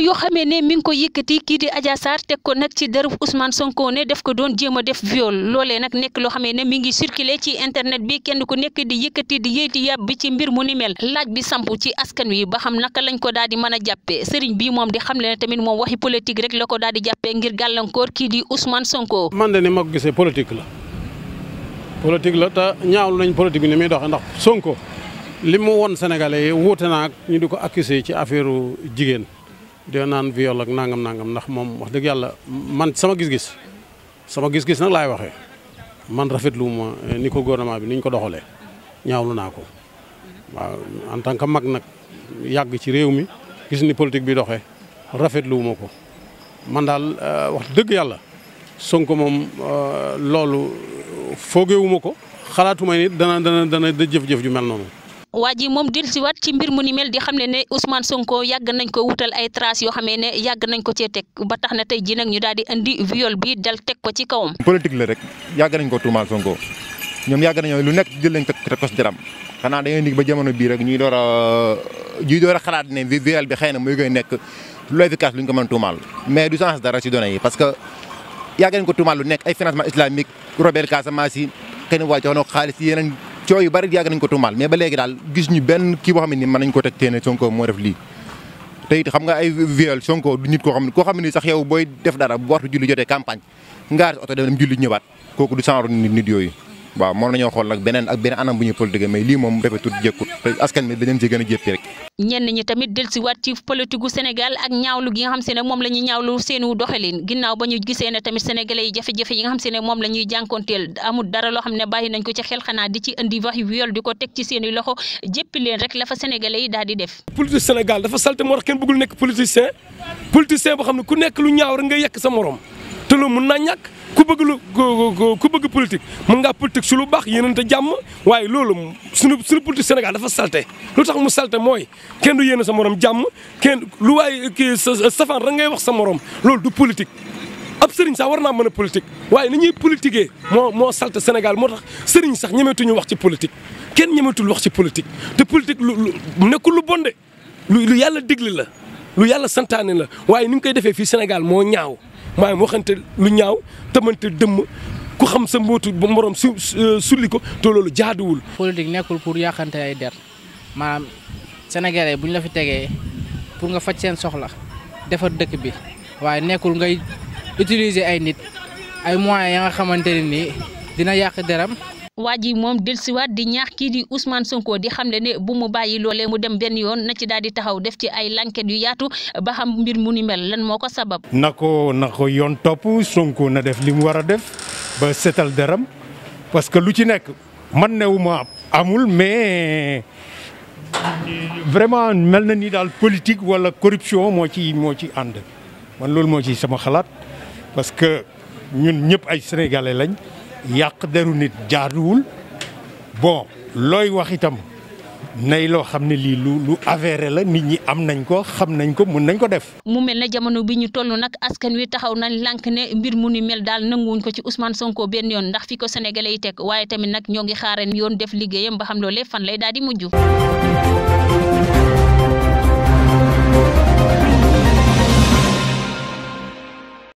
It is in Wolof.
yoo xamee ne mi ngi ko yëkkati kii di Adja Sarr teg ko nag ci dërëb Ousmane Sonko ne def ko doon jéem a def viol loolee nag nekk loo xamee ne mi ngi circulé ci internet bi kenn ko nekk di yëkkati di yëyti yàb bi ci mbir mu ni mel laaj bi samp ci askan wi ba xam naka lañ ko daal di mën a jàppee sëriñ bi moom di xamle ne tamit moom waxi politique rek la ko daal di jàppee ngir gàllankoor kii di Ousmane sonkoo man de ni ma ko gisee politique la politique la te ñaawlu nañ bi ni muy doxee ndax Sonko li mu woon Sénégalais yi wuute naa ñu di ko accusé ci affaire jigéen. de naan viol ak nangam nangam ndax moom wax dëgg yàlla man sama gis-gis sama gis-gis nag laay waxee man rafetlu ma ni ko gouvernement bi ni ñu ko doxalee ñaawlu naa ko waaw en tant que mag nag yàgg ci réew mi gis ni politique bi doxee rafetlu wuma ko man daal euh, wax dëgg yàlla Sonko moom euh, loolu foogee wuma ko xalaatuma ni dana dana dana jëf-jëf ju mel noonu. waa ji moom dellusiwaat ci mbir mu ni mel di xam ne ne Ousmane Sonko yàgg nañ ko wutal ay traces yoo xamee ne yàgg nañ ko cee teg ba tax na tey jii nag ñu daal di indi viol bi dal teg ko ci kawam. politique la rek yàgg nañ ko tuumaal Sonko ñoom yàgg nañoo lu nekk jël nañ ko teg xanaa dañoo ndig ba jamono bii rek ñuy door a ñuy door a xalaat ne viol bi xëy na muy koy nekk lu efficace lu ñu ko mën tuumaal mais du sens dara si données yi parce que yàgg nañ ko tuumaal lu nekk ay financement islamique robel Casamance yi kenn waa jox na ko xaalis yeneen coow yu bari yàgg nañ ko tuumaal mais ba léegi daal gis ñu benn kii boo xam ne ni mën nañ ko teg teene Sonko moo def lii te xam nga ay viol Sonko du nit koo xam ne koo xam ne ni sax yow booy def dara bu waxtu julli jotee campagne nga arrêté oto dem julli ñëwaat kooku du sanru nit nit yooyu waaw moom nañoo xool nag beneen ak beneen anam bu ñuy politique mais lii moom rafetul jëkkut askan bi dañu ci gën a jéppi xam ne ba ñu gisee ne tamit sénégalais yi jafe-jafe yi i loxo jéppi leen rek la fa sénégalais yi daal di def politique Sénégal dafa salte moo tax kenn bëggul nekk politicien politicien boo xam ne ku nekk lu ñaaw rek nga yekk sa morom te loolu mën naa ñàkk ku bëgg lu ku bëgg politique mën ngaa politique su lu baax yéenante jàmm waaye loolu suñu suñu politique Sénégal dafa salté lu tax mu salté mooy kenn du yéene sa morom jàmm kenn lu waaye kii safaan rek ngay wax sa morom loolu du politique. ab sëriñ sax war naa mën a politique waaye ni ñuy politiquer moo moo salté Sénégal moo tax sëriñ sax ñemetuñu wax ci politique kenn ñemetul wax ci politique te politique lu lu nekkul lu bonde lu yàlla digle la lu yàlla santaane la waaye ni ñu koy defee fii Sénégal moo ñaaw. maay waxante lu ñaaw tëmante dëmm ku xam sa mbootu ba moroom su sulli ko te loolu jaaduwul. politique nekkul pour yàqante ay der maanaam sénégalais bu ñu la fi tegee pour nga faj seen soxla defar dëkk bi waaye nekkul ngay utiliser ay nit ay moyens ya nga xamante ne nii dina yàq deram. waa ji moom dellusiwaat di ñaax kii di Ousmane Sonko di xamle ne bu mu bàyyi loolee mu dem benn yoon na ci daal di taxaw def ci ay lanket yu yaatu ba xam mbir mu ni mel lan moo ko sabab. na ko na ko yoon topp sonkoo na def li mu war a def ba setal deram parce que lu ci nekk man newu ma amul mais vraiment mel na nii daal politique wala corruption moo ci moo ci ànd man loolu moo ci sama xalaat parce que ñun ñëpp ay sénégalais lañ. yàq deru nit jaaduwul bon looy wax itam nay loo xam ne lii lu lu avéré la nit ñi am nañ ko xam nañ ko mun nañ ko def. mu mel ne jamono bi ñu toll nag askan wi taxaw nañ lank ne mbir mu ni mel daal nanguwuñ ko ci usman Sonko benn yoon ndax fi ko sénégalais yi teg waaye tamit nag ñoo ngi xaareen yoon def liggéeyam ba xam loolee fan lay daal di mujj.